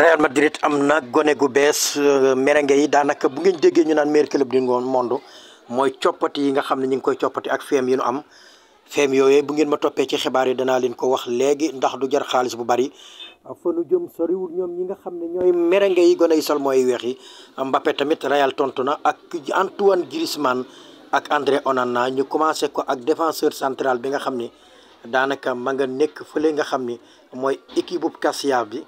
Real Madrid am na gone gu bees euh, merengue yi daanaka bu ngeen déggee ñu naan meilleur club du monde mooy coppati yi nga xam ne ñu ngi koy coppati ak feem yi nu am feem yooyu bu ngeen ma toppee ci xibaar yi danaa leen ko wax léegi du jar xaalis bu bari fa nu jëm soriwul ñoom ñi nga xam ne ñooy merengue yi gone yi sol mooy weex yi Mbappé tamit Real tontu na ak Antoine Griezmann ak André Onana ñu commencé ko ak défenseur central bi nga xam ni daanaka ma nga nekk fële nga xam ni mooy équipe bu Cassia bi.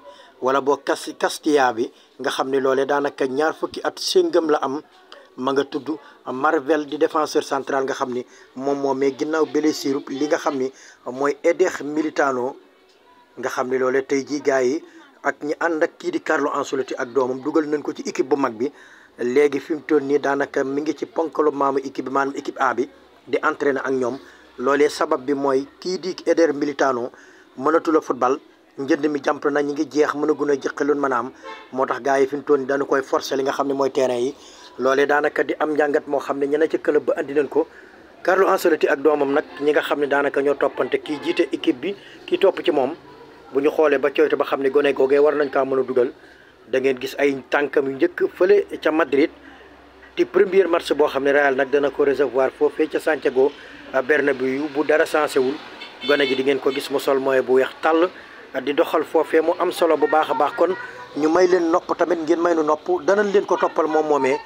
wala boo kasi Castilla bi nga xam ne loolee daanaka ñaar fukki at séngam la am ma nga tudd Marvel di défenseur centrale nga xam ni moom moo mais ginnaaw blessure li nga xam ni mooy Eder Militão nga xam ni loolee tey jii gars yi ak ñi ànd ak kii di Carlo Ancelotti ak doomam dugal nañ ko ci équipe bu mag bi léegi fi mu toll nii daanaka mi ngi ci ponkalo maamu équipe bi maanaam équipe A bi di na ak ñoom loole sabab bi mooy kii di Eder Militão mënatul njënd mi jàmp na ñi ngi jeex mën a gun a jëqaloon maanaam moo tax gars yi fi mu toll dañu koy forcer li nga xam ne mooy terrain yi loolee daanaka di am njàngat moo xam ne ñeneen ca club ba andi nañ ko Carlo Ancelotti ak doomam nag ñi nga xam ne daanaka ñoo toppante kii jiite équipe bi ki topp ci moom bu ñu xoolee ba coytu ba xam ne gone googee war nañ kaa mën a dugal dangeen gis ay tànkam yu njëkk fële ca Madrid ti premier match boo xam ne Real nag dana ko recevoir foofee ca Santiago Bernabéu bu dara sensé wul gone gi di ngeen ko gis mu sol mooy bu weex tàll di doxal foofee mu am solo bu baax a baax kon ñu may leen nopp tamit ngeen may nu nopp danañ leen ko toppal moom moomee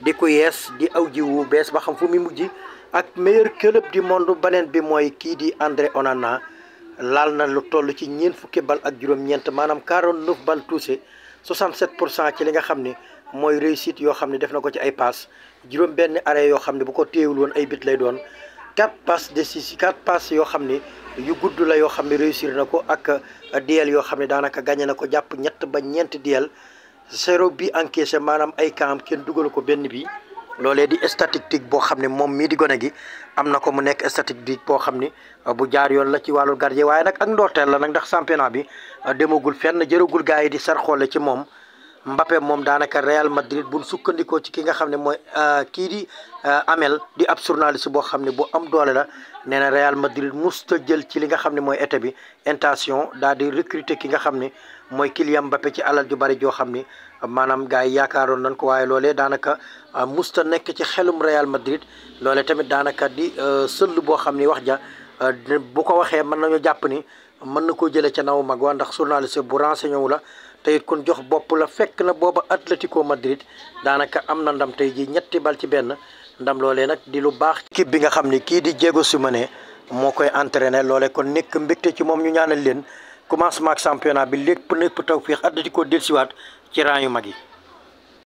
di ko yees di aw jiwu bees ba xam fu mu mujj ak meilleur club du monde beneen bi mooy kii di André Onana laal na lu toll ci ñeent fukki bal ak juróom-ñeent maanaam 49 bal touché 67 pour cent ci li nga xam ni mooy réussite yoo xam ne def na ko ci ay passe juróom benn arrêt yoo xam ne bu ko téewul woon ay bit lay doon 4 passes décisives 4 yoo xam ni yu gudd la yoo xam ne réussir na ko ak euh, duel yoo xam ne daanaka gagné na ko jàpp ñett ba ñeenti duel sero bi encaissé maanaam ay camp kenn dugal ko benn bi loolee di statistique boo xam ne moom mii di gone gi am na ko mu nekk statistique boo xam ni euh, bu jaar yoon la ci wàllu gardien waaye nag ak ndorteel la nag ndax championnat bi euh, demagul fenn jërëgul gars yi di sar xoole ci moom Mbappé moom daanaka Real Madrid bun sukkandikoo ci ki nga xam ne mooy euh, kii di euh, Amel di ab journaliste boo xam ne boo am doole la nee na Real Madrid musta jël ci li nga xam ne mooy été bi intention daal di recruter ki nga xam ne mooy Kylian ci alal ju bari joo xam ni maanaam gars yi yaakaaroon nañ ko waaye loolee daanaka euh, musta nekk ci xelum Real Madrid loolee tamit daanaka di sëll boo xam ni wax ja bu ko waxee mën nañu jàpp ni mën na koo jëlee ca naw mag waa ndax journaliste bu renseigné wu la tey kon jox bopp la fekk na booba Atlético Madrid daanaka am na ndam tey ji ñetti bal ci benn ndam loolee nag di lu baax. équipe bi nga xam ni kii di Diego Simeone moo koy entraîné loole kon nekk mbégte ci moom ñu ñaanal leen commencement ak championnat bi lépp nekk taw féex Atlético dellusiwaat ci rang yu mag yi.